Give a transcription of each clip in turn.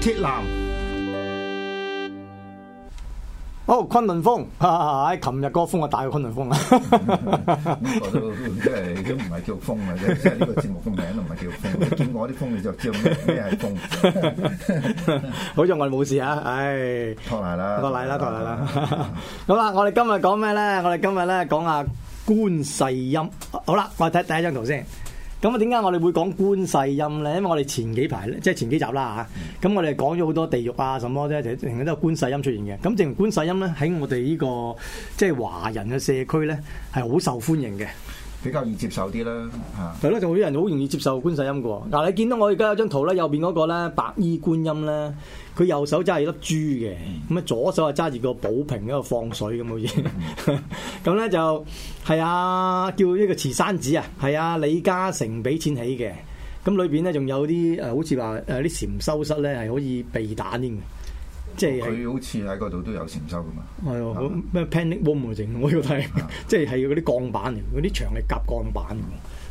鐵男，哦，昆崙風，哎，琴日個風啊，我打過昆崙風啊，都即係都唔係叫風啊，即係呢個節目嘅名都唔係叫風，見我啲風你就知咩咩係風，好在我冇事啊，哎，多嚟啦，多嚟啦，多嚟啦，好啦，我哋今日講咩咧？我哋今日咧講下觀世音，好啦，我睇第一張圖先。咁啊，點解我哋會講觀世音咧？因為我哋前幾排即係前幾集啦嚇，咁、啊、我哋講咗好多地獄啊，什麼咧，成日都有觀世音出現嘅。咁，正如觀世音咧，喺我哋呢、呢個即係華人嘅社區咧，係好受歡迎嘅。比較易接受啲啦，嚇係咯，仲有啲人好容易接受觀世、嗯啊、音嘅。嗱、啊，你見到我而家有張圖咧，右邊嗰個咧白衣觀音咧，佢右手揸住粒珠嘅，咁啊左手啊揸住個寶瓶喺度放水咁好似。咁、嗯、咧、嗯嗯、就係啊叫呢個慈山寺啊，係啊李嘉誠俾錢起嘅。咁裏邊咧仲有啲誒，好似話誒啲禪修室咧係可以避彈添嘅。即係佢好似喺嗰度都有錢收噶嘛？係啊，咩 panic room 我要睇， 即係係嗰啲鋼板，嗰啲牆係夾鋼板，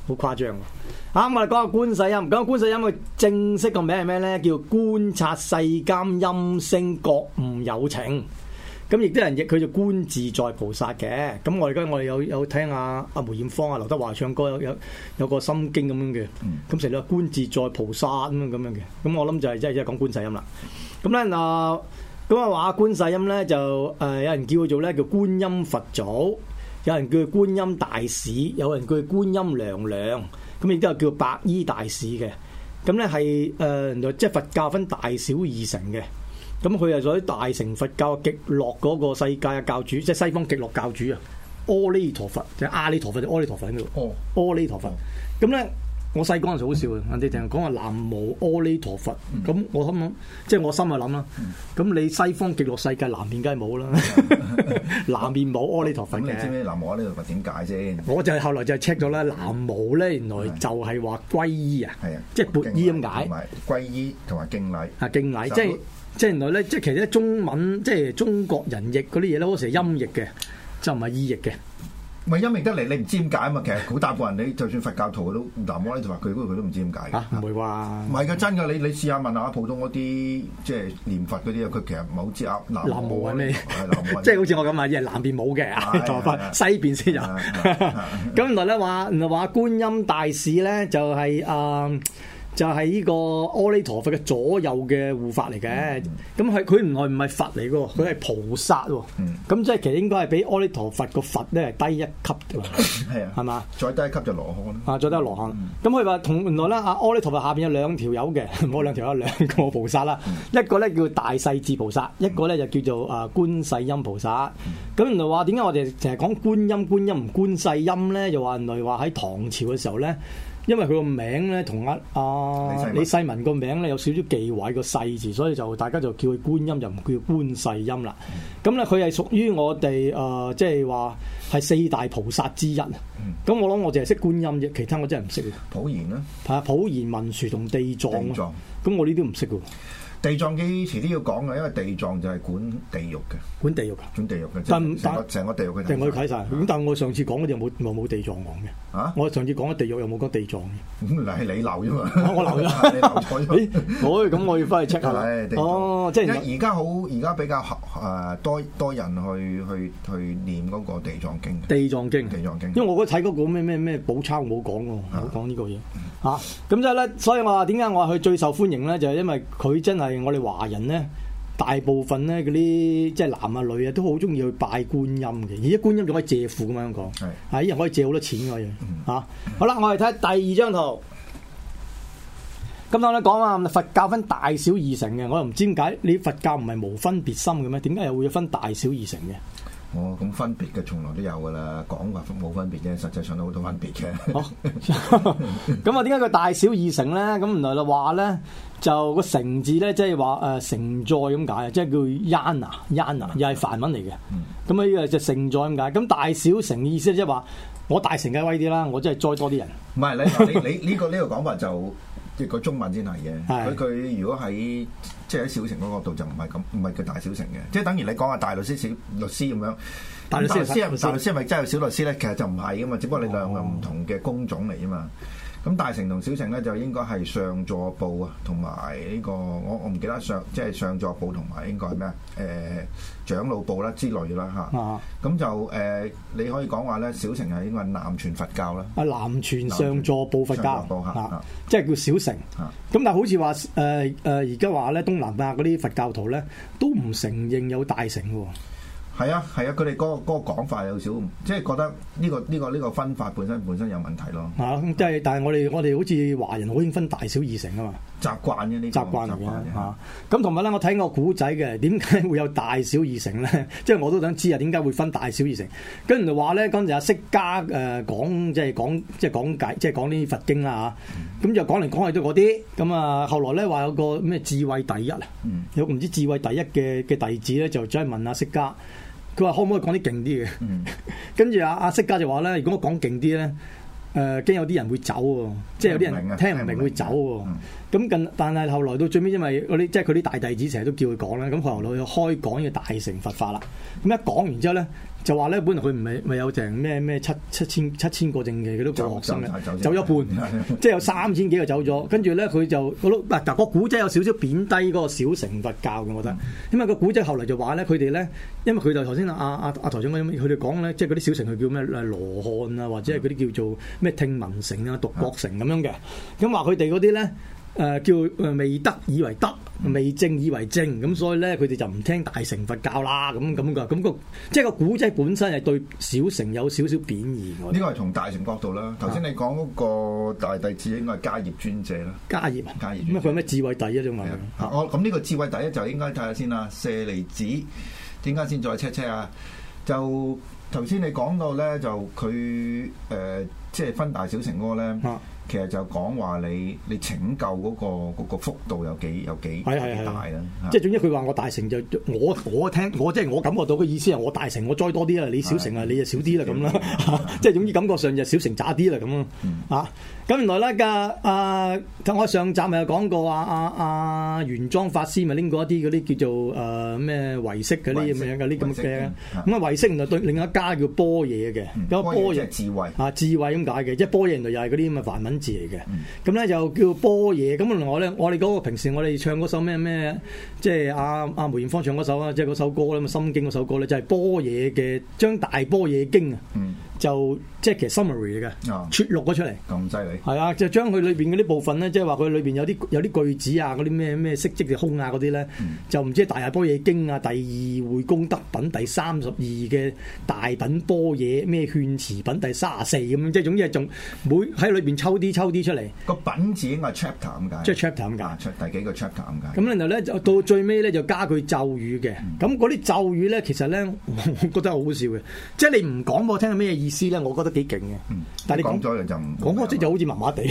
好誇張。啊、嗯嗯嗯嗯，我哋講下觀世音，咁觀世音佢正式個名係咩咧？叫觀察世間音聲覺悟有情。咁亦都有人譯佢做觀自在菩薩嘅，咁我而家我哋有有聽下阿梅艷芳啊、劉德華唱歌有有有個心經咁樣嘅，咁成日都話觀自在菩薩咁樣嘅，咁我諗就係即係講觀世音啦。咁咧啊，咁啊話觀世音咧就誒、呃、有人叫佢做咧叫觀音佛祖，有人叫佢觀音大士，有人叫佢觀音娘娘，咁亦都有叫白衣大士嘅。咁咧係誒即係佛教分大小二乘嘅。咁佢係在大乘佛教極樂嗰個世界嘅教主，即係西方極樂教主啊，阿彌陀佛，就係阿彌陀佛，就阿彌陀佛喺度。哦，阿彌陀佛。咁咧，我細嗰陣時好笑啊，人哋成日講話南無阿彌陀佛。咁我諗諗，即係我心啊諗啦。咁你西方極樂世界南面梗係冇啦，南面冇阿彌陀佛。你知唔知南無阿彌陀佛點解先？我就係後來就 check 咗啦，南無咧，原來就係話皈依啊，即係皈依咁解，皈依同埋敬禮啊，敬禮即係。即係原來咧，即係其實中文即係中國人譯嗰啲嘢咧，好似係音譯嘅，就唔係意譯嘅。咪音譯得嚟，你唔知點解啊？嘛，其實好大部分人，你就算佛教徒都南無咧，就話佢不過佢都唔知點解。唔、啊、會話。唔係噶，真噶，你你試下問下普通嗰啲即係念佛嗰啲啊，佢其實冇知啊。南南無係咩？即係好似我咁啊，即係南邊冇嘅，坐佛西邊先有。咁是呀 原來咧話，原來話觀音大士咧就係、是、啊。呃就係呢個阿彌陀佛嘅左右嘅護法嚟嘅，咁佢佢原來唔係佛嚟嘅，佢係菩薩喎、啊。咁、嗯、即係其實應該係比阿彌陀佛個佛咧低一級嘅，係啊、嗯，係嘛吧？再低一級就羅漢啦。啊，再低個羅漢。咁佢話同原來咧，阿阿彌陀佛下邊有兩條友嘅，我兩條有兩個菩薩啦、啊嗯，一個咧叫大勢至菩薩，一個咧就叫做啊觀世音菩薩。咁、嗯、原來話點解我哋成日講觀音觀音唔觀世音咧？又話原來話喺唐朝嘅時候咧。因為佢個名咧同阿阿李世民個名咧有少少忌諱，那個世字，所以就大家就叫佢觀音，就唔叫觀世音啦。咁咧佢係屬於我哋誒、呃，即係話係四大菩薩之一。咁、嗯、我諗我淨係識觀音啫，其他我真係唔識。嗯、普賢啦，係啊，普賢文殊同地藏啊，咁藏我呢啲唔識喎。地藏經遲啲要講嘅，因為地藏就係管地獄嘅，管地獄嘅，管地獄嘅。但但成個地獄佢定我睇晒。咁但係我上次講嗰啲又冇冇冇地藏王嘅。啊！我上次講嘅地獄又冇講地藏嘅。原來係你漏啫嘛？我漏咗。你漏咗？哎，我咁我要翻去 check 下。哎，哦，即係而家好，而家比較誒多多人去去去念嗰個地藏經。地藏經，地藏經。因為我覺得睇嗰個咩咩咩寶抄冇講喎，冇講呢個嘢。吓，咁即係咧，所以我話點解我話佢最受歡迎咧，就係、是、因為佢真係我哋華人咧，大部分咧嗰啲即係男啊女啊，都好中意去拜觀音嘅。而家觀音仲可以借庫，咁樣講，係啊，依是、哎、人可以借好多錢嘅可吓。啊嗯、嗯、好啦，我哋睇第二張圖。咁我咧講啊，佛教分大小二乘嘅，我又唔知點解。你佛教唔係無分別心嘅咩？點解又會分大小二乘嘅？哦，咁分別嘅從來都有噶啦，講話冇分別啫，實際上都好多分別嘅、哦。咁啊，點解佢大小二乘咧？咁原來就話咧，就、個乘字咧，即係話誒承載咁解啊，即係叫焉啊，焉啊，又係梵文嚟嘅。咁啊、嗯，依個就承載咁解。咁大小乘意思即係話，我大乘嘅威啲啦，我即係載多啲人。唔係你你你呢、呢個呢、呢個講法就。即個中文先係嘅，佢佢的如果喺即係喺小城嗰個度就唔係咁，唔係叫大小城嘅，即係等於你講啊大律師、小律師咁樣，大律師、大律師係咪師真係有小律師咧？其實就唔係噶嘛，只不過你兩個唔同嘅工種嚟啫嘛。咁大乘同小乘咧，就應該係上座部啊，同埋呢個我我唔記得上即係上座部同埋應該係咩啊？誒、呃、長老部啦之類啦嚇。咁、啊啊、就誒、呃、你可以講話咧，小乘係應該南傳佛教啦。啊，南傳上座部佛教，即係叫小乘。咁、啊、但係好似話誒誒，而家話咧，東南亞嗰啲佛教徒咧都唔承認有大乘喎。係啊，係啊，佢哋嗰個嗰、嗰個、講法有少，即係覺得呢、呢個呢、呢個呢、呢個分法本身本身有問題咯。啊，即、嗯、係但係我哋我哋好似華人好興分大小二乘啊嘛，習慣嘅呢、呢個習慣嚟嘅。咁同埋咧，我睇個古仔嘅點解會有大小二乘咧？即係我都想知啊，點解會分大小二乘？跟住就話咧，嗰陣阿釋迦誒講，即係講即係講解，即係講啲佛經啦、啊、嚇。咁、嗯、就講嚟講去都嗰啲。咁啊，後來咧話有個咩智慧第一啊，嗯、有唔知智慧第一嘅嘅弟子咧，就走去問阿釋迦。佢話可唔可以講啲勁啲嘅？跟住阿阿釋迦就話咧，如果我講勁啲咧，誒、呃，驚有啲人會走，即係有啲人聽唔明會走。咁近，但係後來到最尾，因為啲即係佢啲大弟子成日都叫佢講咧，咁佢後來開講要大乘佛法啦。咁一講完之後咧。就話咧，本來佢唔係咪有成咩咩七七千七千個證嘅？佢都走學生嘅，走咗一半，即係 有三千幾就走咗。跟住咧，佢就嗰度，嗱個古仔有少少貶低嗰個小乘佛教嘅，我覺得，因為個古仔後嚟就話咧，佢哋咧，因為佢就頭先阿阿阿台長佢哋講咧，即係嗰啲小乘，佢叫咩羅漢啊，或者係嗰啲叫做咩聽聞乘啊、獨覺乘咁樣嘅，咁話佢哋嗰啲咧。誒，叫誒未得以為得，未正以為正，咁所以咧，佢哋就唔聽大乘佛教啦，咁咁噶，咁個即係個古仔本身係對小乘有少少貶義嘅。呢個係從大乘角度啦，頭先、啊、你講嗰個大弟子應該係迦葉尊者啦。迦葉業啊，啊，迦葉。咁佢有咩智慧第一、啊？仲問、啊。我咁呢個智慧第一就應該睇下先啦。舍利子，點解先再 check check 啊？就頭先你講到咧，就佢誒即係分大小乘嗰咧。啊其實就講話你你拯救嗰個嗰個幅度有幾有幾有幾大啦 即係總之佢話我大成就我我聽我即係、就是、我感覺到嘅意思係我大成我栽多啲啦，你小成啊你就少啲啦咁啦， 即係總之感覺上就小成渣啲啦咁啊。咁原來咧，噶、啊、阿，我上集咪有講過啊啊啊原裝法師咪拎過一啲嗰啲叫做誒咩唯識嘅咧，咁樣嘅啲咁嘅，咁啊唯識原來對另一家叫般若嘅，有般若智慧啊智慧咁解嘅，即係般若原來又係嗰啲咁嘅梵文字嚟嘅。咁咧就叫般若，咁我咧我哋嗰個平時我哋唱嗰首咩咩，即係阿阿梅艷芳唱嗰首啊，即係嗰首歌啦，心經嗰首歌咧就係般若嘅，將大般若經啊。嗯就即係其實 summary 嘅，哦、撮錄咗出嚟。咁犀利。係啊，就將佢裏邊啲部分咧，即係話佢裏邊有啲有啲句子啊，啲咩咩色即嘅空啊啲咧，嗯、就唔知大般若經啊，第二會功德品第三十二嘅大品般若咩勸詞品第三十四咁，即係總之係仲會喺裏邊抽啲抽啲出嚟。個品字應該係 chapter 咁解，即係 chapter 咁解、啊，第幾個 chapter 咁解。咁、嗯、然後咧就到最尾咧就加佢咒語嘅，咁啲、嗯、咒語咧其實咧 我覺得好好笑嘅，即係你唔講我聽係咩意思。意思咧，我覺得幾勁嘅。但你講咗就唔講，即係就好似麻麻地。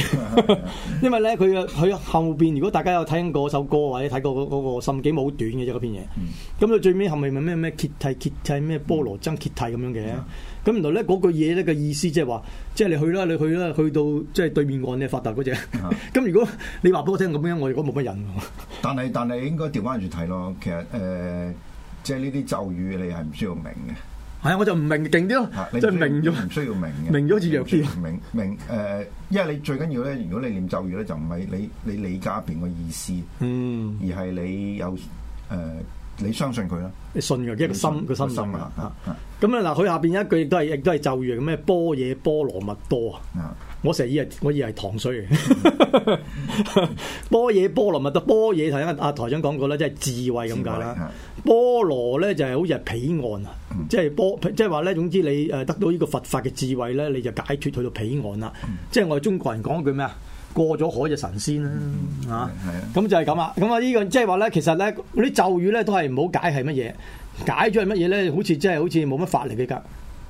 因為咧，佢佢後邊，如果大家有聽嗰首歌或者睇過嗰、那、嗰個《心、那、經、個》那個，冇短嘅啫，嗰篇嘢。咁佢最尾後面係咩咩揭諦揭諦咩波羅僧揭諦咁樣嘅。咁原來咧嗰句嘢咧嘅意思，即係話，即係你去啦，你去啦，去到即係對面岸嘅發達嗰隻。咁 如果你話俾我聽咁樣，我亦都冇乜癮但。但係但係應該調翻轉睇咯。其實誒，即係呢啲咒語，你係唔需要明嘅。係啊，我就唔明勁啲咯，即係、啊、明咗，唔需要明嘅了，明咗好似弱啲，明了明誒了，因為你最緊要咧，如果你念咒語咧，就唔係你你理解邊個意思，嗯，而係你有誒。呃你相信佢啦，信嘅一個心個心啊！咁啊嗱，佢下邊有一句亦都係亦都係咒語嘅咩？波野波羅蜜多啊！嗯、我成日以為我以為糖水嘅、嗯、 波野波羅蜜多，波野係阿台長講過啦，即係智慧咁解啦。波羅咧就係、是、好似係彼岸啊，嗯、即係波即係話咧，總之你誒得到呢個佛法嘅智慧咧，你就解脫去到彼岸啦。嗯、即係我哋中國人講句咩啊？過咗海就神仙啦，吓，係啊，咁、嗯、就係咁啊，咁啊呢個即係話咧，其實咧嗰啲咒語咧都係唔好解係乜嘢，解咗係乜嘢咧，好似即係好似冇乜法力嘅架，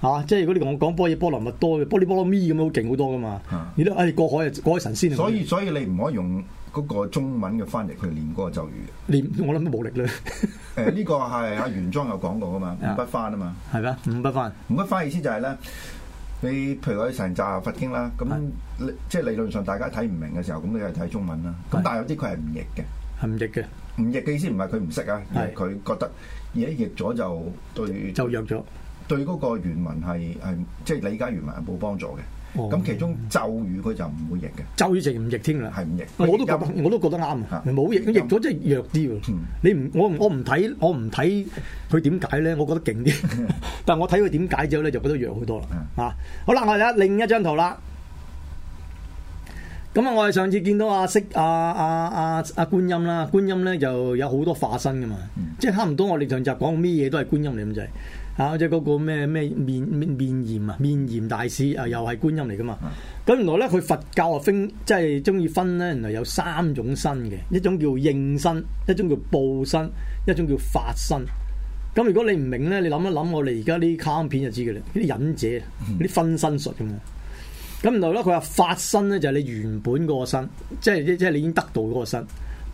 吓、啊，即、就、係、是、如果你同我講波嘢波羅蜜多嘅波哩波羅咪咁好勁好多噶嘛，啊、你都誒過海啊過海神仙，所以所以你唔可以用嗰個中文嘅翻譯去念嗰個咒語，念我諗都冇力啦。誒呢、呃這個係阿玄奘有講過噶嘛？的五不翻啊嘛，係咩？的五不翻，五不翻意思就係咧。你譬如話《成集佛經》啦，咁即係理論上大家睇唔明嘅時候，咁你係睇中文啦。咁但係有啲佢係唔譯嘅，係唔譯嘅。唔譯嘅意思唔係佢唔識啊，而係佢覺得而家譯咗就對，就有咗對嗰個原文係係即係理解原文係冇幫助嘅。咁、哦、其中咒語佢就唔會譯嘅，咒語就唔譯添啦，係唔譯。我都覺得， 我都覺得啱。冇好譯，譯咗逆 真係弱啲。嗯，你唔，我我唔睇，我唔睇佢點解咧？我覺得勁啲，嗯、但係我睇佢點解之後咧，就覺得弱多、嗯啊、好多啦、啊。啊，好啦，我哋另一張圖啦。咁啊，我哋上次見到阿釋阿阿阿阿觀音啦，觀音咧、啊、就有好多化身噶嘛，嗯、即係差唔多。我哋上集講咩嘢都係觀音嚟咁就是。即係嗰個咩咩面面面炎啊，面炎大士啊，又係觀音嚟噶嘛？咁 原來咧，佢佛教啊分，即係中意分咧，原來有三種身嘅，一種叫應身，一種叫報身，一種叫法身。咁如果你唔明咧，你諗一諗我哋而家啲卡片就知嘅啦，啲忍者，啲 分身術咁啊。咁原來咧，佢話法身咧就係你原本嗰個身，即係即係你已經得到嗰個身。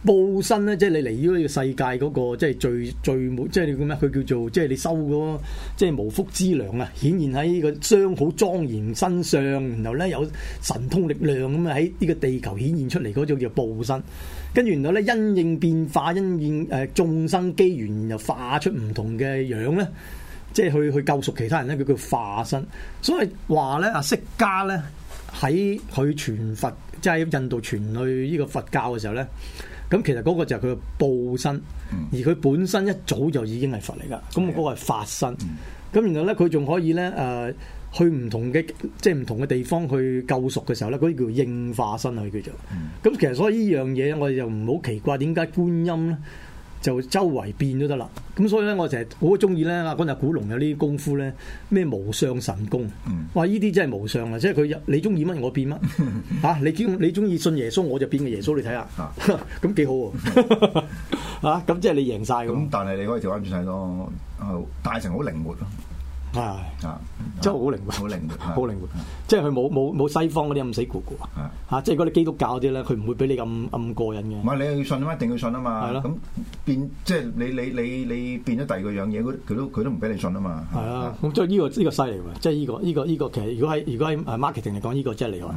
報身咧，即係你嚟於呢個世界嗰個，即係最最冇，即係你叫咩？佢叫做即係你收嗰即係無福之糧啊！顯現喺呢個相好莊嚴身上，然後咧有神通力量咁啊喺呢個地球顯現出嚟嗰種叫報身。跟住然後咧因應變化，因應誒眾生機緣又化出唔同嘅樣咧，即係去去救贖其他人咧，佢叫化身。所以話咧阿釋迦咧喺佢傳佛，即係印度傳去呢個佛教嘅時候咧。咁其實嗰個就係佢嘅報身，而佢本身一早就已經係佛嚟噶，咁、那、嗰個係法身。咁然後咧，佢仲可以咧誒、呃、去唔同嘅即係唔同嘅地方去救贖嘅時候咧，嗰、那、啲、個、叫應化身去叫做。咁其實所以呢樣嘢，我哋就唔好奇怪點解觀音咧？就周圍變都得啦，咁所以咧，我成日好中意咧，嗰日古龍有呢啲功夫咧，咩無相神功，話呢啲真係無相 啊！即係佢你中意乜，我變乜，啊你中你中意信耶穌，我就變個耶穌，你睇下，咁幾好啊，咁、 啊、即係你贏晒咁，但係你可以調翻轉晒咯，大成好靈活咯、啊。係啊，唉唉真係好靈活，好唉靈活，好靈活。即係佢冇冇冇西方嗰啲咁死固固啊！嚇唉，即係嗰啲基督教啲咧，佢唔會俾你咁咁過癮嘅。唔係你又要信啊嘛，一定要信啊嘛。係咯的。咁變即係你你你你變咗第二個樣嘢，佢都佢都唔俾你信啊嘛。係啊。咁即係呢個呢個犀利喎！即係呢個呢個呢個其實如果係如果係 marketing 嚟講，呢個真係厲害。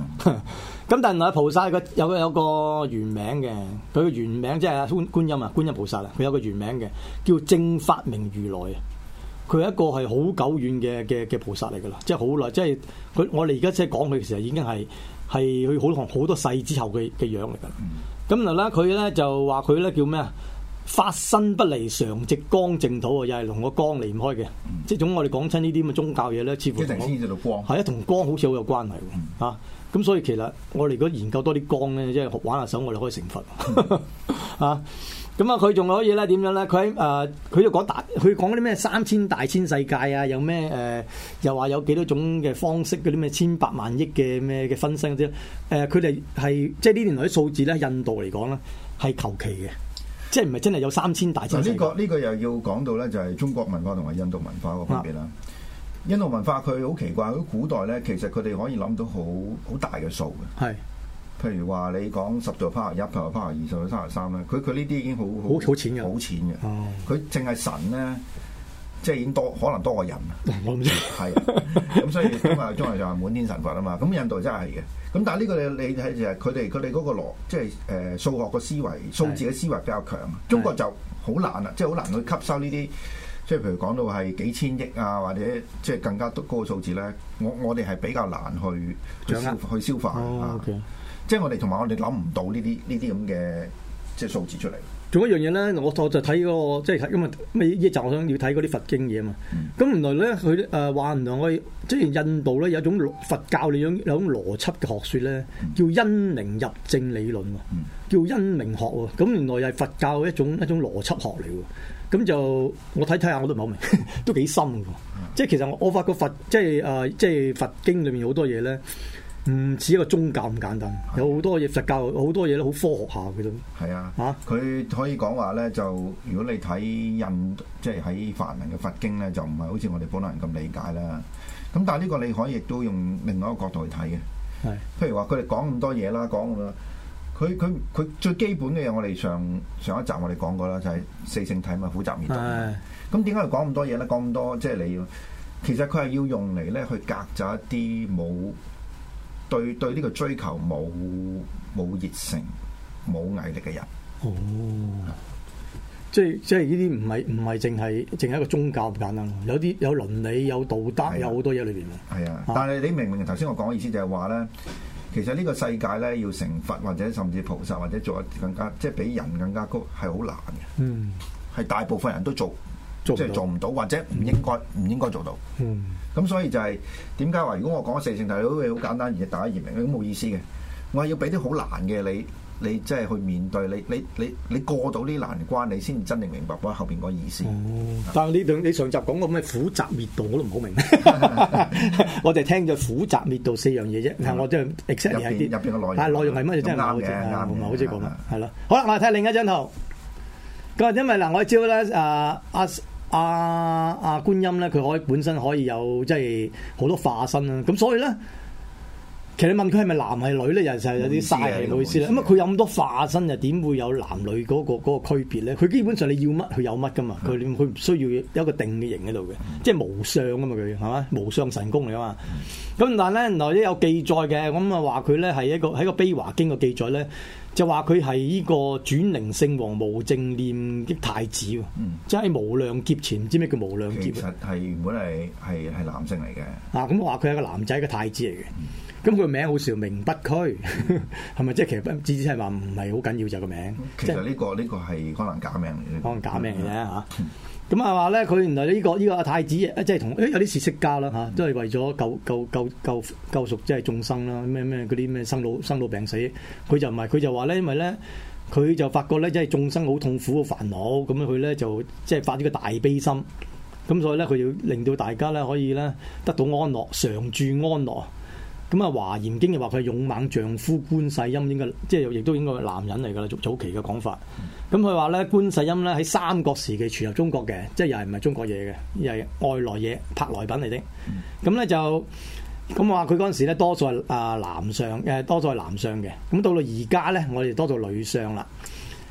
咁 但係阿菩薩有個有個原名嘅，佢個原名即係觀音啊，觀音菩薩啊，佢有個原名嘅，叫正法明如來啊。佢係一個係好久遠嘅嘅嘅菩薩嚟噶啦，即係好耐，即係佢我哋而家即係講佢其實已經係係佢好多好多世之後嘅嘅樣嚟噶啦。咁嗱咧，佢咧就話佢咧叫咩啊？法身不離常寂光淨土，又係同個光離唔開嘅。嗯、即係總我哋講親呢啲咁嘅宗教嘢咧，似乎光，係啊，同光好似好有關係喎咁、嗯啊、所以其實我哋如果研究多啲光咧，即係玩下手，我哋可以成佛，嗯、 啊！咁啊，佢仲可以咧？點樣咧？佢喺誒，佢就講大，佢講啲咩三千大千世界啊？有咩誒、呃？又話有幾多種嘅方式？嗰啲咩千百萬億嘅咩嘅分身嗰啲咧？佢哋係即係呢年來啲數字咧，印度嚟講咧係求其嘅，即係唔係真係有三千大千世界？嗱、嗯，呢、呢個呢、呢個又要講到咧，就係、係、中國文化同埋印度文化個分別啦。啊、印度文化佢好奇怪，喺古代咧，其實佢哋可以諗到好好大嘅數嘅。係。譬如話你講十座卅一，同埋卅二、十到卅三咧，佢佢呢啲已經好好好淺嘅，好淺嘅。佢淨係神咧，即係已經多可能多個人。我唔知的，係咁、 嗯、所以咁啊，中國就係滿天神佛啊嘛。咁印度真係嘅。咁但係呢個你你睇就係佢哋佢哋嗰個羅，即係誒、呃、數學個思維數字嘅思維比較強。是的 中國就好難啊是的，即係好難去吸收呢啲，即係譬如講到係幾千億啊，或者即係更加高嘅數字咧。我我哋係比較難去去消化即係我哋同埋我哋諗唔到呢啲呢啲咁嘅即係數字出嚟。仲有一樣嘢咧，我就睇，嗰個即係，因為咩？一集我想要睇嗰啲佛經嘢啊嘛。咁，嗯、原來咧，佢誒話，呃、原來我即係印度咧，有一種佛教種你有有種邏輯嘅學說咧，叫因明入正理論，嗯、叫因明學。咁原來又係佛教一種一種邏輯學嚟嘅。咁就我睇睇下，我都唔好明， 都幾深嘅。嗯、即係其實我我發覺佛，即係誒、啊，即係佛經裏面好多嘢咧。唔似一個宗教咁簡單，的有好多嘢佛教好多嘢都好科學下嘅都。係的啊嚇，佢可以講話咧，就如果你睇印即係喺梵文嘅佛經咧，就唔係好似我哋普通人咁理解啦。咁但係呢個你可以亦都用另外一個角度去睇嘅。係的，譬如話佢哋講咁多嘢啦，講咁多，佢佢佢最基本嘅嘢，我哋上上一集我哋講過啦，就係、是、四聖諦嘛，五雜念，咁點解佢講咁多嘢咧？講咁多即係你，其實佢係要用嚟咧去隔就一啲冇。對對，呢個追求冇冇熱誠、冇毅力嘅人，哦，嗯、即係即係呢啲唔係唔係淨係淨係一個宗教咁簡單，有啲有倫理、有道德，啊、有好多嘢裏邊。係啊，但係你明唔明頭先、啊、我講嘅意思就係話咧，其實呢個世界咧要成佛或者甚至菩薩或者做一啲更加即係比人更加高係好難嘅，嗯，係大部分人都做，即係做唔到，或者唔應該，唔應該做到。嗯，咁所以就係點解話，如果我講四聖諦，好簡單，而大家易明，都冇意思嘅。我係要俾啲好難嘅你，你即係去面對你，你你你過到啲難關，你先真正明白嗰後邊嗰意思。哦，但係你你上集講個咩苦集滅道我都唔好明。我哋聽咗苦集滅道四樣嘢啫。嗱，我即係 exactly 係啲入邊嘅內容。啊，內容係乜嘢真係啱嘅，唔係好知講啦。係咯，好啦，我睇另一張圖。咁因為嗱，我招咧，阿阿。阿阿、啊啊、觀音咧，佢可以本身可以有即係好多化身啊。咁所以咧，其實你問佢係咪男係女咧，又實有啲嘥氣嘅意思啦。咁啊，佢有咁多化身，又點會有男女嗰、那個嗰、那個區別咧？佢基本上你要乜佢有乜噶嘛，佢佢唔需要有一個定型喺度嘅，嗯、即係無相噶嘛，佢係嘛無相神功嚟啊嘛。咁但係咧，原來咧有記載嘅，咁啊話佢咧係一個喺個悲華經嘅記載咧。就話佢係呢個轉靈聖王無正念嘅太子，即係、嗯、無量劫前唔知咩叫無量劫。其實係原本係係係男性嚟嘅。啊，咁話佢係個男仔嘅太子嚟嘅。咁佢、嗯、個名好笑，嗯、名不屈，係咪即係其實不字字係話唔係好緊要就個名。其實呢、這個呢、就是、個係可能假名嚟嘅，可能假名嘅吓。 咁啊話咧，佢原來呢、這個呢、這個阿太子，誒、哎啊，即係同誒有啲事釋家啦吓，都係為咗救救救救救贖，即係眾生啦，咩咩嗰啲咩生老生老病死，佢就唔係，佢就話咧，因為咧，佢就發覺咧，即係眾生好痛苦，好煩惱咁樣，佢咧就即係發呢個大悲心，咁所以咧，佢要令到大家咧可以咧得到安樂，常住安樂。咁啊，《華嚴經》就話佢勇猛丈夫觀世音，應該即係亦都應該係男人嚟噶啦，早期嘅講法。咁佢話咧，觀世音咧喺三國時期傳入中國嘅，即係又係唔係中國嘢嘅，又係外來嘢拍來品嚟的。咁咧就咁話佢嗰陣時咧，多數係啊男相，誒多數係男相嘅。咁到到而家咧，我哋多數女相啦。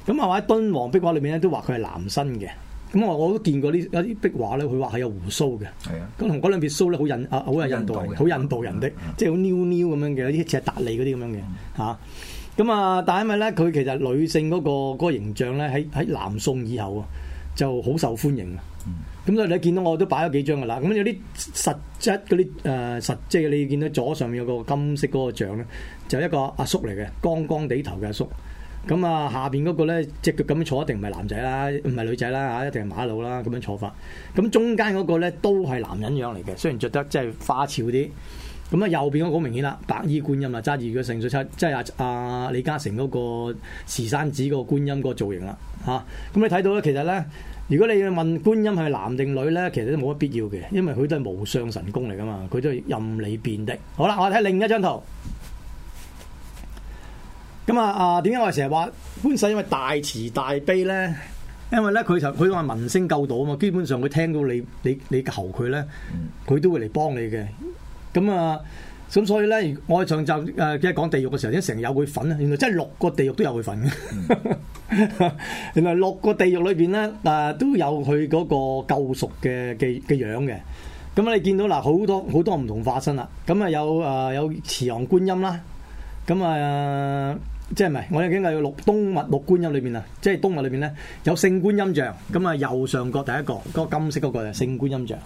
咁啊，喺敦煌壁畫裏面咧，都話佢係男生嘅。咁、嗯、我都見過啲一啲壁畫咧，佢話係有胡鬚嘅。係的啊，咁同嗰兩撇須咧，好印啊，好印度人，好的印度人的，的即係好嬲嬲咁樣嘅好似達利嗰啲咁樣嘅嚇。咁的、嗯、啊，但係因為咧，佢其實女性嗰、那個那個形象咧，喺喺南宋以後啊，就好受歡迎。咁、嗯嗯、所以你見到我都擺咗幾張噶啦。咁有啲實質嗰啲誒實，即係你見到左上面有個金色嗰個像咧，就是、一個阿叔嚟嘅，光光地頭嘅阿叔。咁啊，下邊嗰、那個咧，隻腳咁樣坐一，一定唔係男仔啦，唔係女仔啦嚇，一定係馬佬啦咁樣坐法。咁中間嗰個咧，都係男人樣嚟嘅，雖然着得即係花俏啲。咁啊，右邊嗰個好明顯啦，白衣觀音啊，揸住個聖水叉，即係啊，阿李嘉誠嗰個慈山寺個觀音個造型啦嚇。咁、啊嗯、你睇到咧，其實咧，如果你問觀音係男定女咧，其實都冇乜必要嘅，因為佢都係無相神功嚟噶嘛，佢都係任你變的。好啦，我睇另一張圖。咁啊，啊，點解我成日話觀世音為大慈大悲咧？因為咧佢就佢話聞聲救度啊嘛，基本上佢聽到你你你求佢咧，佢都會嚟幫你嘅。咁啊，咁所以咧，我上集誒即係講地獄嘅時候，咧成日有佢份啊，原來真係六個地獄都有佢份啊！嗯、 原來六個地獄裏邊咧，誒、啊、都有佢嗰個救贖嘅嘅嘅樣嘅。咁你見到嗱好、啊、多好多唔同化身啊。咁啊，有誒、啊、有慈航觀音啦，咁啊。啊啊即係咪？我哋講嘅六東密六觀音裏邊啊，即係東密裏邊咧有聖觀音像，咁啊右上角第一個嗰，那個，金色嗰個就聖觀音像。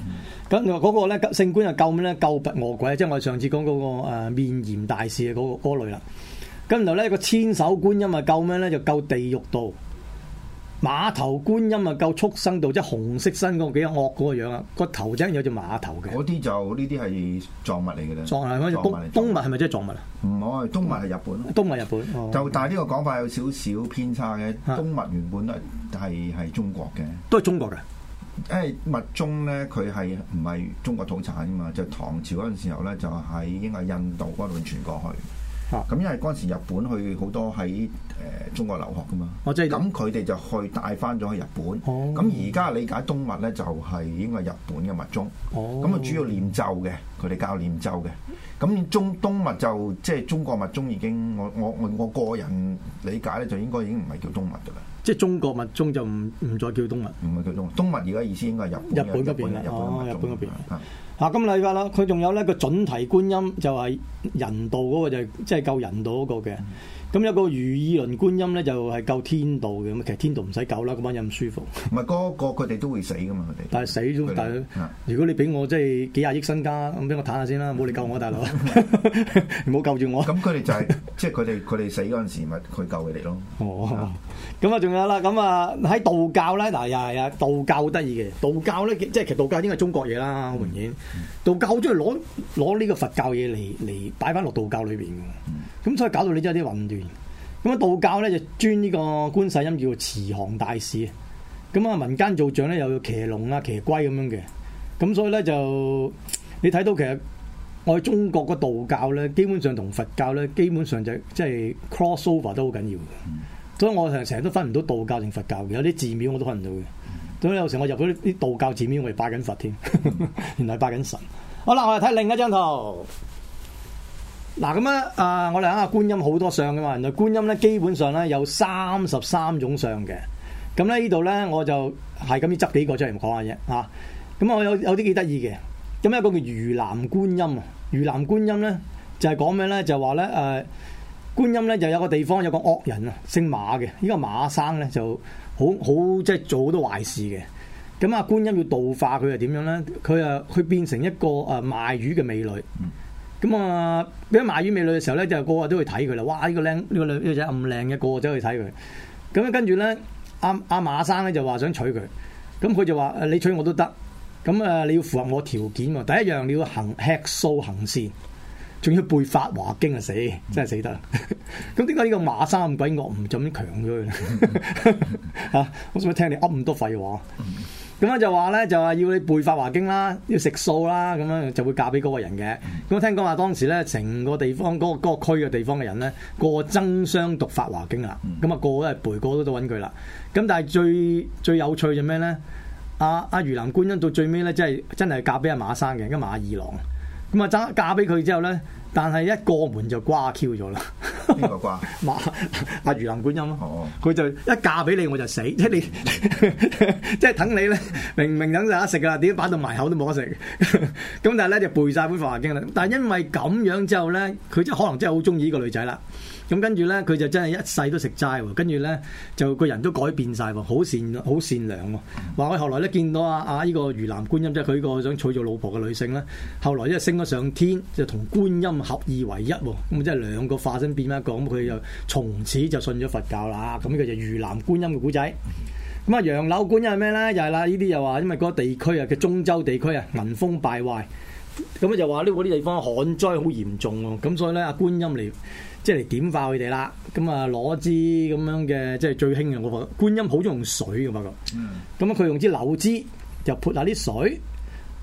咁嗱嗰個咧聖觀啊救咩咧？救拔餓鬼，即係我哋上次講嗰，那個誒、呃、面閻大士嗰嗰類啦。咁然後咧個千手觀音啊救咩咧？就救地獄道。馬頭觀音啊，夠畜生道，即係紅色身嗰個幾惡嗰個樣啊！個頭真有隻馬頭嘅。嗰啲就呢啲係藏密嚟嘅咧。藏啊，藏東東密。東密係咪即係藏密啊？唔可以，東密係日本。東密東日本。就、哦、但係呢個講法有少少偏差嘅。東密原本係係係中國嘅。都係中國嘅。因為密宗咧，佢係唔係中國土產啊嘛？就是、唐朝嗰陣時候咧，就喺應該係印度嗰度傳過去。咁因為嗰陣時日本去好多喺誒中國留學噶嘛，咁佢哋就去帶翻咗去日本。咁而家理解東密咧，就係、是、應該係日本嘅密宗。咁啊、哦、主要念咒嘅，佢哋教念咒嘅。咁中東密就即係、就是、中國密宗已經，我我我個人理解咧，就應該已經唔係叫東密噶啦。即係中國物中就唔唔再叫東文，唔係叫東物。東物而家意思應該係日日本嗰邊嘅，邊邊哦，日本嗰邊。嗱咁禮拜啦，佢仲、啊、有咧個準提觀音，就係人道嗰、那個，就係即係救人道嗰個嘅。嗯咁有個如意輪觀音咧，就係、是、救天道嘅。咁其實天道唔使救啦，咁樣又咁舒服。唔係、那個個佢哋都會死噶嘛，佢哋。 們但係死咗，但係如果你俾我即係幾廿億身家，咁俾我攤下先啦，冇你救我，大佬，唔好 救住我。咁佢哋就係、是、即係佢哋佢哋死嗰陣時，咪佢救佢哋咯。 哦，咁啊，仲有啦，咁啊喺道教咧，嗱又係啊，道教好得意嘅，道教咧即係其實道教應該係中國嘢啦，好明顯。嗯、道教即係攞攞呢個佛教嘢嚟嚟擺翻落道教裏邊。嗯。咁所以搞到你真係啲混亂，咁啊道教咧就尊呢個觀世音叫做慈航大士，咁啊民間造像咧又要騎龍啦騎龜咁樣嘅，咁所以咧就你睇到其實我哋中國嘅道教咧，基本上同佛教咧，基本上就即係 cross over 都好緊要嘅，嗯、所以我成成日都分唔到道教定佛教，嘅，有啲寺廟我都分唔到嘅，所以有時我入咗啲道教寺廟，我哋拜緊佛添， 原來拜緊神。好啦，我哋睇另一張圖。嗱咁咧，啊我哋睇下觀音好多相噶嘛，原來觀音咧基本上咧有三十三種相嘅。咁、嗯、咧呢度咧我就係咁樣執幾個出嚟講下啫，吓、啊、咁、嗯、啊有有啲幾得意嘅，咁咧嗰個叫魚籃觀音啊，魚籃觀音咧就係講咩咧？就話咧誒，觀音咧就有個地方有個惡人啊，姓馬嘅，呢個馬生咧就好好即係做好多壞事嘅，咁、嗯、啊觀音要度化佢係點樣咧？佢啊佢變成一個誒、啊、賣魚嘅美女。咁啊，俾阿馬魚美女嘅時候咧，就個個都去睇佢啦。哇！呢、這個靚，呢、這個女，呢個仔咁靚嘅，這個個都去睇佢。咁樣跟住咧，阿、啊、阿馬生咧就話想娶佢。咁、嗯、佢就話，你娶我都得。咁、嗯、啊，你要符合我條件。第一樣你要行吃素行善，仲要背《法華經》啊！死，真係死得。咁點解呢個馬生咁鬼惡，唔就咁強咗佢咧？ 啊，我做咩聽你噏咁多廢話？咁樣就話咧，就話要你背《法華經》啦，要食素啦，咁樣就會嫁俾嗰個人嘅。咁我聽講話當時咧，成個地方嗰、嗰個嗰區嘅地方嘅人咧，個個爭相讀《法華經》啦。咁啊，個個都係背，個個都揾佢啦。咁但係最最有趣就咩咧？阿阿魚籃觀音到最尾咧，真係真係嫁俾阿馬生嘅，阿馬二郎。咁啊，嫁嫁俾佢之後咧。但係一過門就瓜 Q 咗啦，邊個瓜？馬阿、 啊、如林觀音咯，佢、哦、就一嫁俾你我就死，即係你 即係等你咧，明明等大家食㗎喇，點樣擺到埋口都冇得食，咁 但係咧就背晒本《法華經》啦。但係因為咁樣之後咧，佢即係可能真係好中意呢個女仔啦。咁跟住咧，佢就真係一世都食齋喎。跟住咧，就個人都改變晒喎，好善好善良喎、哦。話我後來咧見到啊啊依、這個魚籃觀音，即係佢依個想娶做老婆嘅女性咧，後來因為升咗上天，就同觀音合二為一喎、哦。咁、嗯、即係兩個化身變一個，咁、嗯、佢就從此就信咗佛教啦。咁呢佢就魚籃觀音嘅故仔。咁、嗯、啊，楊柳觀音係咩咧？又係啦，呢啲又話因為嗰個地區啊，叫中州地區啊，民風敗壞，咁、嗯、啊就話呢個啲地方旱災好嚴重喎。咁所以咧，阿觀音嚟。即係嚟點化佢哋啦，咁啊攞支咁樣嘅，即係最興嘅。我覺觀音好鍾用水嘅，發覺。咁啊，佢、mm. 用支柳枝，就潑下啲水，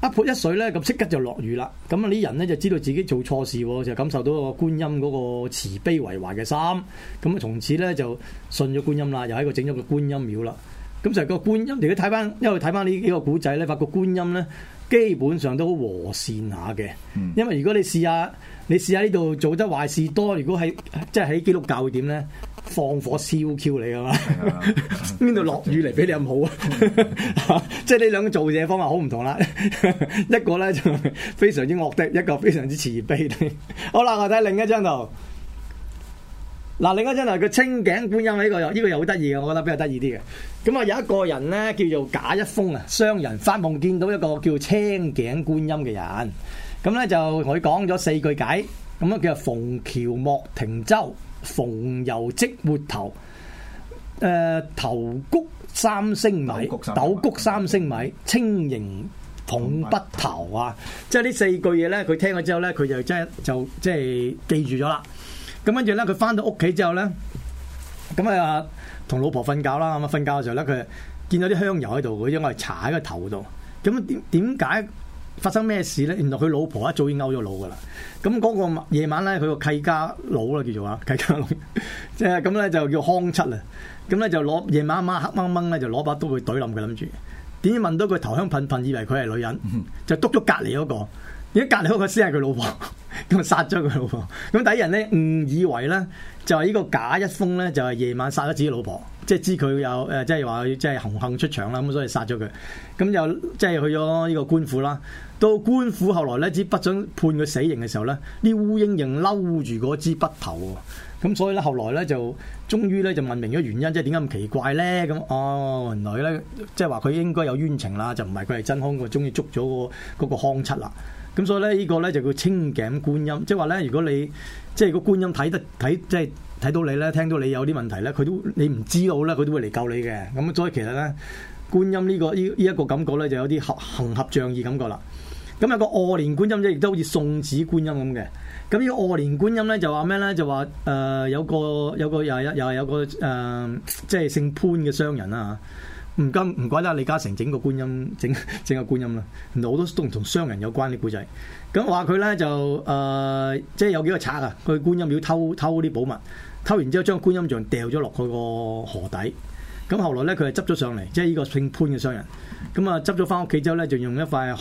一潑一水咧，咁即刻就落雨啦。咁啊，啲人咧就知道自己做錯事，就感受到個觀音嗰個慈悲為懷嘅心。咁啊，從此咧就信咗觀音啦，又喺度整咗個觀音廟啦。咁就係個觀音，如果睇翻，因為睇翻呢幾個古仔咧，發覺觀音咧基本上都好和善下嘅。因為如果你試下。你試下呢度做得壞事多，如果喺即係喺基督教會點咧？放火燒 Q 你啊嘛？邊度落雨嚟俾你咁好啊？ 即係呢兩個做嘢方法好唔同啦。 一個咧就是非常之惡的，一個非常之慈悲。 好啦，我睇另一張圖。嗱， 另一張圖個青頸觀音呢，這個呢，這個又好得意嘅，我覺得比較得意啲嘅。咁啊，有一個人咧叫做假一峰啊，商人發夢見到一個叫青頸觀音嘅人。咁咧、嗯、就佢講咗四句偈，咁啊叫啊逢橋莫停舟，逢油即抹頭，誒、呃、頭谷三升米，斗谷三,三,三升米，青營捧筆頭啊！即係呢四句嘢咧，佢聽咗之後咧，佢就即係就即係記住咗啦。咁跟住咧，佢翻到屋企之後咧，咁啊同老婆瞓覺啦，咁啊瞓覺嘅時候咧，佢見到啲香油喺度，佢因為搽喺個頭度，咁點點解？發生咩事咧？原來佢老婆一早已勾咗腦噶啦。咁、那、嗰個夜晚咧，佢個契家佬啦叫做啊，契家佬，即係咁咧就叫康七啦。咁咧就攞夜晚一晚黑掹掹咧就攞把刀去懟冧佢，諗住點知問到佢頭香噴噴，以為佢係女人，就篤咗隔籬嗰個。點知隔籬嗰個先係佢老婆，咁啊殺咗佢老婆。咁第一人咧誤以為咧就係、是、呢個假一封咧，就係、是、夜晚殺咗自己老婆。即係知佢有誒，即係話要即係紅杏出牆啦，咁所以殺咗佢。咁又即係去咗呢個官府啦。到官府後來咧，支筆想判佢死刑嘅時候咧，啲烏蠅仍嬲住嗰支筆頭。咁所以咧，後來咧就終於咧就問明咗原因，即係點解咁奇怪咧？咁哦，原來咧即係話佢應該有冤情啦，就唔係佢係真兇，佢終於捉咗個嗰個康七啦。咁所以咧，依、呢個咧就叫清頸觀音，即係話咧，如果你即係個觀音睇得睇，即係睇到你咧，聽到你有啲問題咧，佢都你唔知道咧，佢都會嚟救你嘅。咁所以其實咧，觀音呢、呢個依依一個感覺咧，就有啲合行俠仗義感覺啦。咁有、呃、有個惡蓮觀音咧，亦都好似送子觀音咁嘅。咁呢依惡蓮觀音咧就話咩咧？就話誒有個有個又係又係有個誒、呃，即係姓潘嘅商人啦、啊。唔今唔怪得李嘉誠整個觀音，整整個觀音啦。原來好多都唔同商人有關啲古仔。咁話佢咧就誒、呃，即係有幾個賊啊，佢觀音廟偷偷啲寶物，偷完之後將觀音像掉咗落嗰個河底。咁後來咧佢係執咗上嚟，即係呢個姓潘嘅商人。咁啊執咗翻屋企之後咧，就用一塊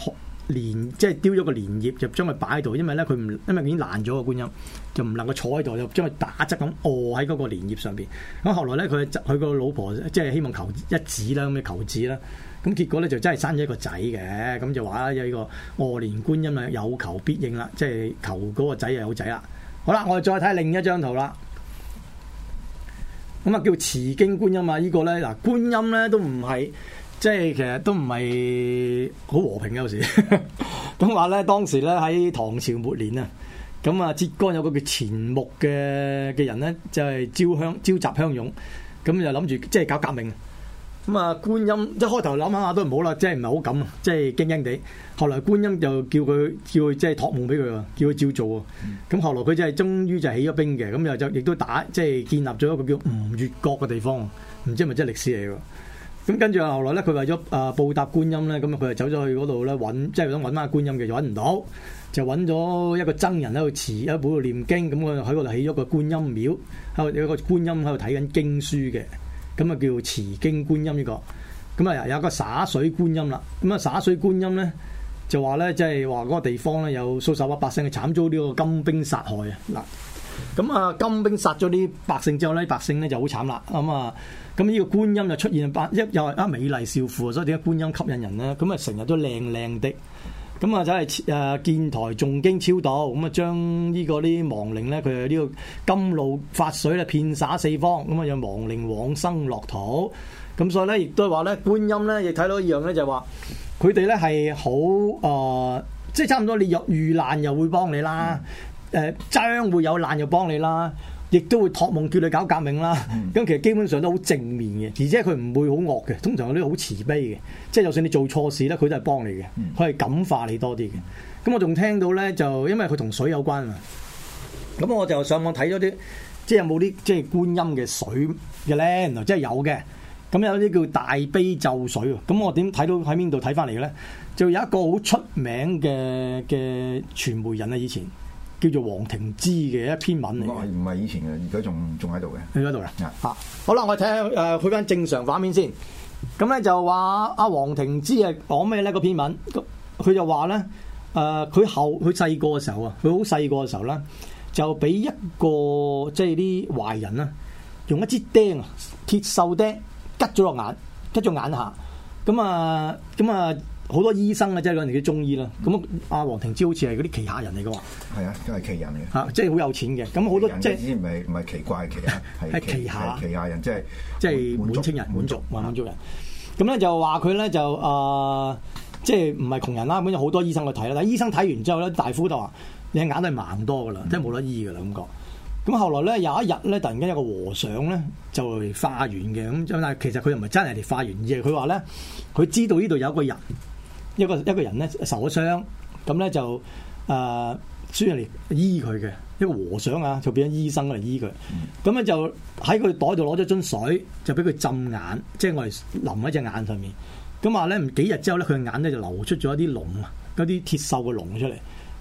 蓮即係丟咗個蓮葉，就將佢擺喺度，因為咧佢唔，因為已經爛咗個觀音，就唔能夠坐喺度，就將佢打側咁臥喺嗰個蓮葉上邊。咁後來咧佢佢個老婆即係希望求一子啦，咁樣求子啦。咁結果咧就真係生咗一個仔嘅，咁就話有呢個臥蓮觀音啊，有求必應啦，即係求嗰個仔又有仔啦。好啦，我哋再睇另一張圖啦。咁啊叫持經觀音啊，這個、呢個咧嗱，觀音咧都唔係。即係其實都唔係好和平有時，咁話咧當時咧喺唐朝末年啊，咁啊浙江有個叫錢穆嘅嘅人咧就係招鄉招集鄉勇，咁就諗住即係搞革命。咁啊觀音一開頭諗下下都唔好啦，即係唔係好敢，即係驚驚地。後來觀音就叫佢叫佢即係託夢俾佢，叫佢照做啊。咁後來佢真係終於就起咗兵嘅，咁又就亦都打即係建立咗一個叫吳越國嘅地方，唔知係咪真係歷史嚟嘅。咁跟住啊，後來咧，佢為咗啊報答觀音咧，咁啊佢就走咗去嗰度咧揾，即係想揾翻阿觀音嘅，就揾唔到，就揾咗一個僧人喺度持一部度唸經，咁佢喺嗰度起咗個觀音廟，喺度有個觀音喺度睇緊經書嘅，咁啊叫持經觀音呢個。咁啊有一個灑水觀音啦，咁啊灑水觀音咧就話咧，即係話嗰個地方咧有數十萬百姓嘅慘遭呢個金兵殺害啊嗱。咁啊，金兵殺咗啲百姓之後咧，百姓咧就好慘啦。咁、嗯、啊，咁、嗯、呢、呢個觀音就出現，一又係啊美麗少婦，所以點解觀音吸引人咧？咁、嗯就是、啊，成日都靚靚的。咁啊，就係誒建台重經超度，咁、嗯、啊將呢個啲亡靈咧，佢係呢個甘露法水咧，遍灑四方，咁啊有亡靈往生樂土。咁、嗯、所以咧，亦都係話咧，觀音咧，亦睇到一樣咧，就係話佢哋咧係好誒，即係差唔多你遇遇難又會幫你啦。誒將會有難就幫你啦，亦都會託夢叫你搞革命啦。咁其實基本上都好正面嘅，而且佢唔會好惡嘅，通常有啲好慈悲嘅。即係就算你做錯事咧，佢都係幫你嘅，佢係感化你多啲嘅。咁我仲聽到咧，就因為佢同水有關啊。咁我就上網睇咗啲，即係有冇啲即係觀音嘅水嘅咧？原來真係有嘅。咁有啲叫大悲咒水喎。咁我點睇到喺邊度睇返嚟嘅咧？就有一個好出名嘅嘅傳媒人啊，以前。叫做王庭之嘅一篇文嚟，唔係以前嘅，而家仲仲喺度嘅。喺嗰度啊？啊，Yeah. 好啦，我睇下誒，佢、呃、返正常反面先。咁咧就話阿王庭之啊，講咩咧？個篇文，佢就話咧，誒、呃，佢後佢細個嘅時候啊，佢好細個嘅時候咧，就俾一個即係啲壞人啊，用一支釘啊，鐵銹釘，拮咗落眼，拮咗眼下，咁啊，咁啊。好多醫生啊，即係嗰陣時啲中醫啦。咁阿黃庭芝好似係嗰啲旗下人嚟嘅喎。係啊，都係奇人嚟嘅。嚇，即係好有錢嘅。咁好多即係奇人唔係唔係奇怪嘅奇人，係旗下人。旗下人即係即係滿清人、滿族或滿族人。咁咧就話佢咧就啊，即係唔係窮人啦。咁有好多醫生去睇啦。但係醫生睇完之後咧，大夫就話：你眼都係盲多嘅啦，即係冇得醫嘅啦咁講。咁後來咧有一日咧，突然間有個和尚咧就嚟化緣嘅。咁但係其實佢又唔係真係嚟化緣嘅，佢話咧佢知道呢度有個人。一個一個人咧受咗傷，咁咧就誒，專門嚟醫佢嘅，一個和尚啊就變咗醫生嚟醫佢。咁、嗯、樣就喺佢袋度攞咗樽水，就俾佢浸眼，即係我哋淋喺隻眼上面。咁話咧，唔幾日之後咧，佢眼咧就流出咗一啲膿啊，啲鐵鏽嘅膿出嚟。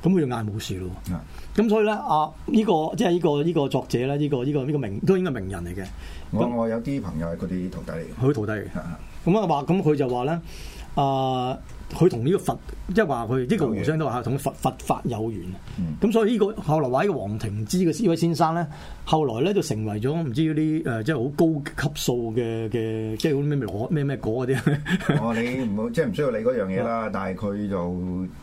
咁佢就嗌冇事咯。咁、嗯、所以咧，啊，呢、這個即係呢、這個呢、這個作者咧，呢、這個呢、這個呢、這個這個名都應該名人嚟嘅。我那我有啲朋友係佢啲徒弟嚟嘅，佢徒弟。咁啊話，咁佢就話咧，啊。佢同呢個佛，即係話佢一個和尚都話同佛佛法有緣。咁所以呢個後來話呢個王庭之嘅呢位先生咧，後來咧就成為咗唔知嗰啲誒，即係好高級數嘅嘅，即係嗰咩咩咩果嗰啲。你唔好即係唔需要理嗰樣嘢啦。但係佢就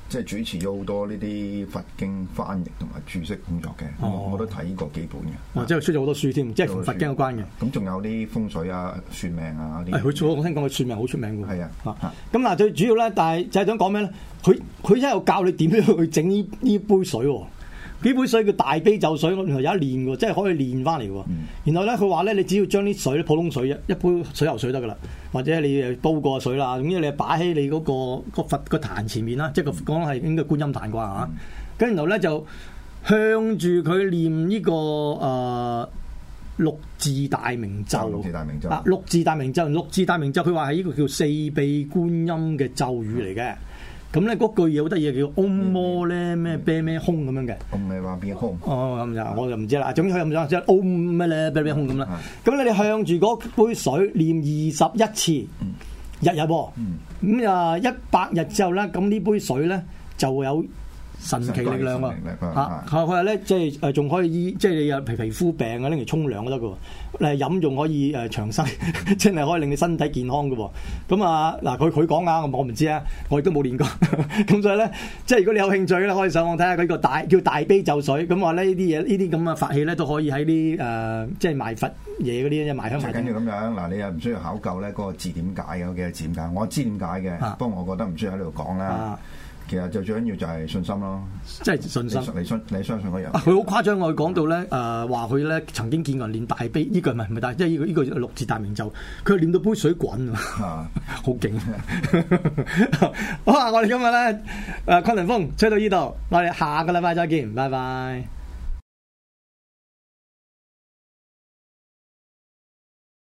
即係主持咗好多呢啲佛經翻譯同埋注釋工作嘅。我都睇過幾本嘅。即係出咗好多書添，即係同佛經有關嘅。咁仲有啲風水啊、算命啊啲。佢我聽講佢算命好出名㗎。啊。咁嗱，最主要咧，但係。就係想講咩咧？佢佢真係教你點樣去整呢呢杯水，哦？呢杯水叫大悲咒水，我原來有得練嘅，即係可以練翻嚟嘅。嗯、然後咧，佢話咧，你只要將啲水，普通水一一杯水喉水得噶啦，或者你煲過水啦，總之你擺喺你嗰、那個個佛個壇前面啦，即係講係應該觀音壇啩吓。咁、啊、然後咧就向住佢念呢、這個誒。呃六字大明咒，啊、哦！六字大明咒，六字大明咒，佢話係呢個叫四臂觀音嘅咒語嚟嘅。咁咧、嗯、嗰句嘢好得意，叫唵摩咧咩咩空咁樣嘅。唔係話邊空哦，咁就我就唔知啦。總之佢又唔想即係唵乜咧咩咩空咁啦。咁、嗯嗯嗯、你哋向住嗰杯水念二十一次，日日喎，咁啊一百日之後咧，咁呢杯水咧就會有。神奇力量，力量啊！嚇、啊，佢話咧，即係誒仲可以醫，即係你有皮皮膚病啊，拎嚟沖涼都得嘅喎。誒飲用仲可以誒長生，嗯、 真係可以令你身體健康嘅喎。咁啊，嗱佢佢講啊，我唔知啊，我亦都冇練過。咁 所以咧，即、就、係、是、如果你有興趣咧，可以上網睇下佢呢個大叫大悲咒水。咁話咧呢啲嘢，呢啲咁嘅法器咧都可以喺啲誒，即係賣佛嘢嗰啲咧賣香賣。就緊要咁樣嗱，你又唔需要考究咧嗰個字點解有幾個字點解？我知點解嘅，不過我覺得唔需要喺呢度講啦。其實就最緊要就係信心咯，即係信心。你信你相信嗰人，佢好誇張，我講到咧，誒話佢咧曾經見過人練大悲，呢句唔係唔係大，即係呢個呢、這個、這個這個、六字大明咒，佢練到杯水滾，好勁。好啊，我哋今日咧，誒，崑崙風吹到呢度，我哋下個禮拜再見，拜拜。